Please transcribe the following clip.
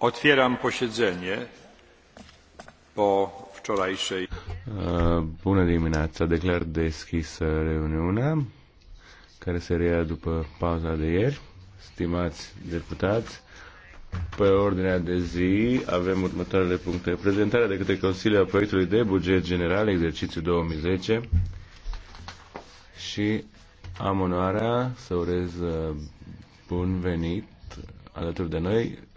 Otwieram posiedzenie po wczorajszej. Bună dimineața, declar deschisă reuniunea care se reia după pauza de ieri. Stimați deputați, pe ordinea de zi avem următoarele puncte. Prezentarea de către Consiliul a proiectului de buget general exercițiu 2010 și am onoarea să urez bun venit alături de noi